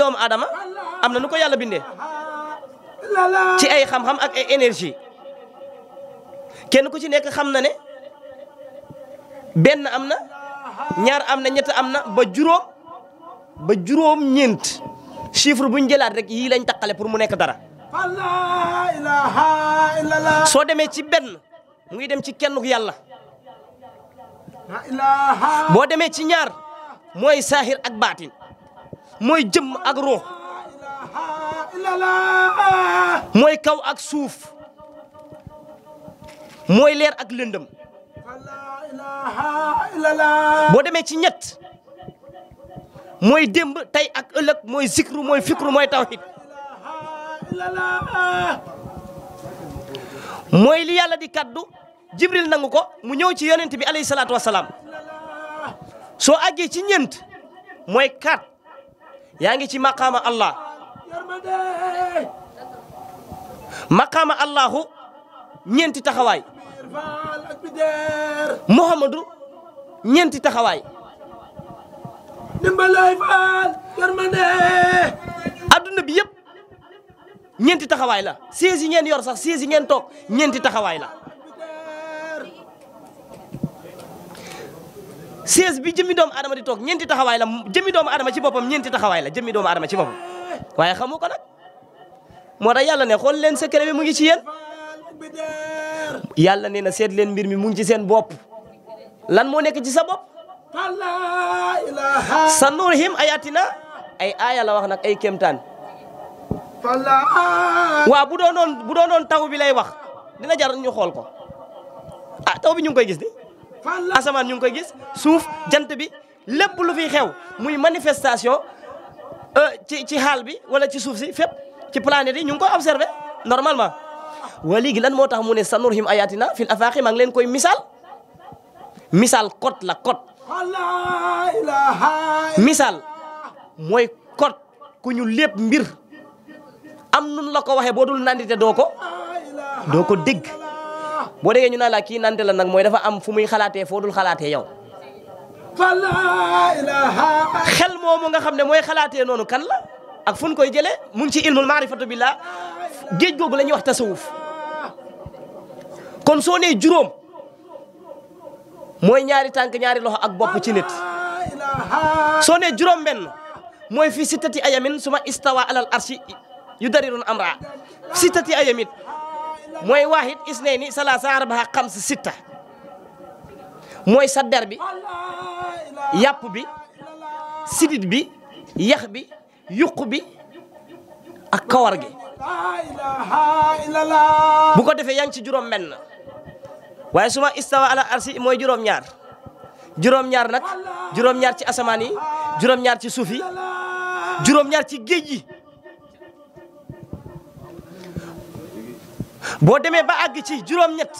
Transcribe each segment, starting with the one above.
doomu aadama am na nu ko yàlla bindee ci ay xam-xam ak ay énergie kenn ku ci nekk xam na ne benn am na ñaar am na ñett am na ba juróom ba juróom ñeent chifre bu ñu jëlaat rek yii lañ taqale pour mu nekk dara soo demee ci benn mu ngi dem ci kenn yàlla boo demee ci ñaar mooy saahir ak baatin mooy jëm ak ruux mooy kaw ak suuf mooy leer ak lëndëm boo demee ci ñett mooy démb tey ak ëllëg mooy zikru mooy fikru mooy tawhid mooy li yàlla di kaddu jibril nangu ko mu ñëw ci yonent bi alayhi salaatu wasalaam soo àggee ci ñent mooy kat yaa ngi ci maqaama allah maqaama allahu ñeenti taxawaay muhammadu ñeenti taxawaay dimbalay faal yërmande adduna bi yëpp ñeenti taxawaay la siège yi ngeen yor sax siège yi ngeen toog ñeenti taxawaay la siège bi jëmmi doomu adama di toog ñeenti taxawaay la jëmmi doomu adama ci boppam ñeenti taxawaay la jëmmi doomu adama ci boppam waaye xamu ko nag moo tax yàlla ne xool leen secret bi mu ngi ci yéen yàlla nee na seet leen mbir mi mu ngi ci seen bopp lan moo nekk ci sa bopp sa nurhim ayatina ay aaya la wax nag ay kéemtaan waaw bu doonoon bu doonoon taw bi lay wax dina jar ñu xool ko a ah, taw bi ñu koy gis de asamaan ñu ngi koy gis suuf jant bi lépp lu fiy xew muy manifestation euh, ci ci xaal bi wala ci suuf si fépp ci planète yi ñu ngi koy observé normalement. waa léegi lan moo tax mu ne sanurihim ayatina fil afaaqi maa ngi leen koy misaal misaal kot la kot misaal mooy kot ku ñu lépp mbir am nun la ko waxee boo dul nandite doo ko doo boo déggee ñu naan la nante la nag mooy dafa am fu muy xalaatee foo dul xalaatee yow. xel moomu nga xam ne mooy xalaatee noonu kan la ak fu ñu koy jëlee mu ngi ci ilmul maarifatu billah géej googu la ñuy wax tasawuf kon soo nee juróom mooy ñaari tànk ñaari loxo ak bopp ci nit soo nee juróom benn mooy fi sittati ayamin suma istawa alal arshi yu darirun amra sittati ayamin mooy waahid isnayni salaasa arbaa xamsa sitta mooy sadder bi yàpp bi sidit bi yax bi yuq bi ak kawar gi bu ko defee yaa ngi ci juróom menn waaye suma istawa ala arsi mooy juróom ñaar juróom ñaar nag juróom ñaar ci asamaan yi juróom ñaar ci suuf yi juróom ñaar ci géej yi boo demee ba àgg ci juróom-ñett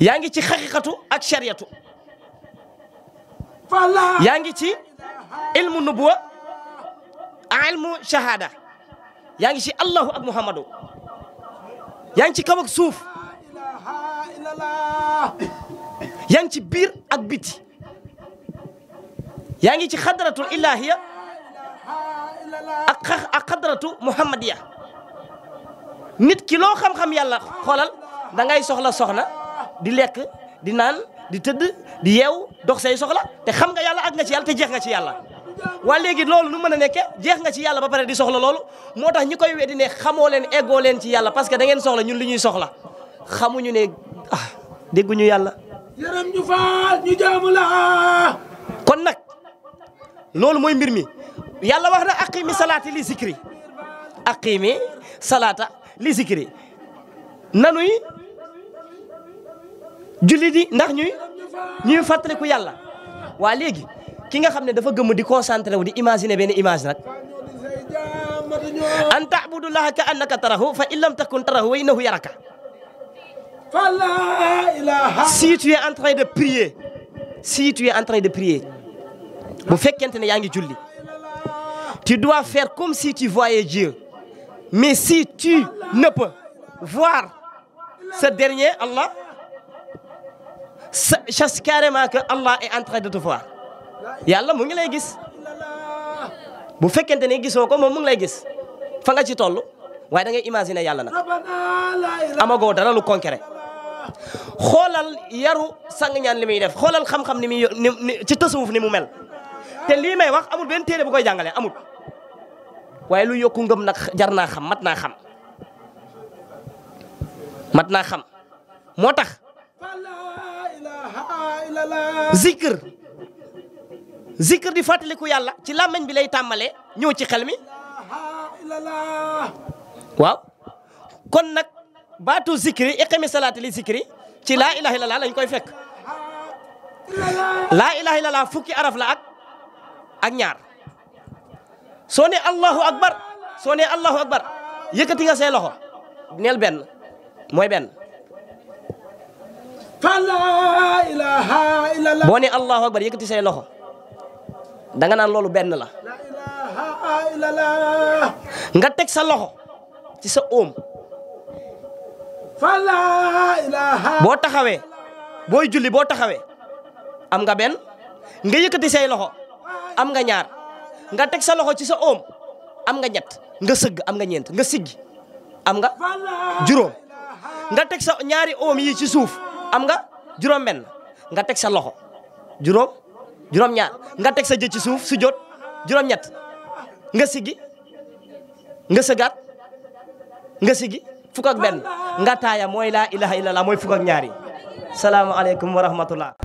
yaa ngi ci xaqiqatu ak shariatu yaa ngi ci ilmu nubuwa ak ilmu shahada yaa ngi ci Allahu ak Muhammadu yaa ngi ci kaw suuf yaa ngi ci biir ak biti yaa ngi ci xadratul ilahiya ak xa ak xadratu muhammadiya nit ki loo xam-xam yàlla xolal da ngay soxla soxna di lekk di naan di tëdd di yeew dox say soxla te xam nga yàlla ak nga ci yàlla te jeex nga ci yàlla. waa léegi loolu nu mën a nekke jeex nga ci yàlla ba pare di soxla loolu moo tax ñi koy weddi ne xamoo leen egoo leen ci yàlla parce que da ngeen soxla ñun li ñuy soxla xamuñu ne ah dégguñu yàlla. yaram ñu faal ñu jaamu la kon nag loolu mooy mbir mi. yàlla wax na aqimi salaata li zikri aqimi salaata li zikri julli di ndax ñuy ñuy fàttaliku yàlla waa léegi ki nga xam ne dafa gëmm di concentré wu di imaginer benn image nag an taabudullaha ka annaka tarahu fa in lam takun tarahu wa innahu yaraka si tu es en train de prier si tu es en de prier bu fekkente ne yaa ngi julli Tu dois faire comme si tu voyais Dieu. Mais si tu ne peux voir ce dernier Allah, chasse carrément que Allah est en train de te voir. yàlla mu ngi lay gis bu fekkente ne gisoo ko moom mu ngi lay gis fa nga ci toll waaye da ngay imaginer yàlla nag amagoo dara lu concret xoolal yaru sang ñaan li muy def xoolal xam-xam ni mi ci tasawuf ni mu mel te lii may wax amul benn téere bu koy jàngalee amul. waaye lu yokku ngëm nag jar naa xam mat naa xam mat naa xam moo tax zikr zikr di fàttaliku yàlla ci làmmiñ bi lay tàmbalee ñëw ci xel mi waaw kon nag baatu i iqami salaati li zikri ci laa ilaha illallah lañ koy fekk laa ilaha illallah fukki araf la ak ak ñaar soo ne allahu akbar soo ne allahu akbar yëkkati nga say loxo neel benn mooy benn boo ne allahu akbar yëkkati say loxo danga nga naan loolu benn la nga teg sa loxo ci sa óom boo taxawee booy julli boo taxawee am nga benn nga yëkkati say loxo am nga ñaar nga teg sa loxo ci sa om am nga ñett nga sëgg am nga ñeent nga siggi am nga juróom nga teg sa ñaari oom yi ci suuf am nga juróom nga teg sa loxo juróom juróom ñaar nga teg sa jë ci suuf si jot juróom ñett nga siggi nga sëgaat nga siggi fukk ak benn nga taaya mooy laa ilaha illallah mooy fukk ak ñaari salaamaaleykum wa rahmatullah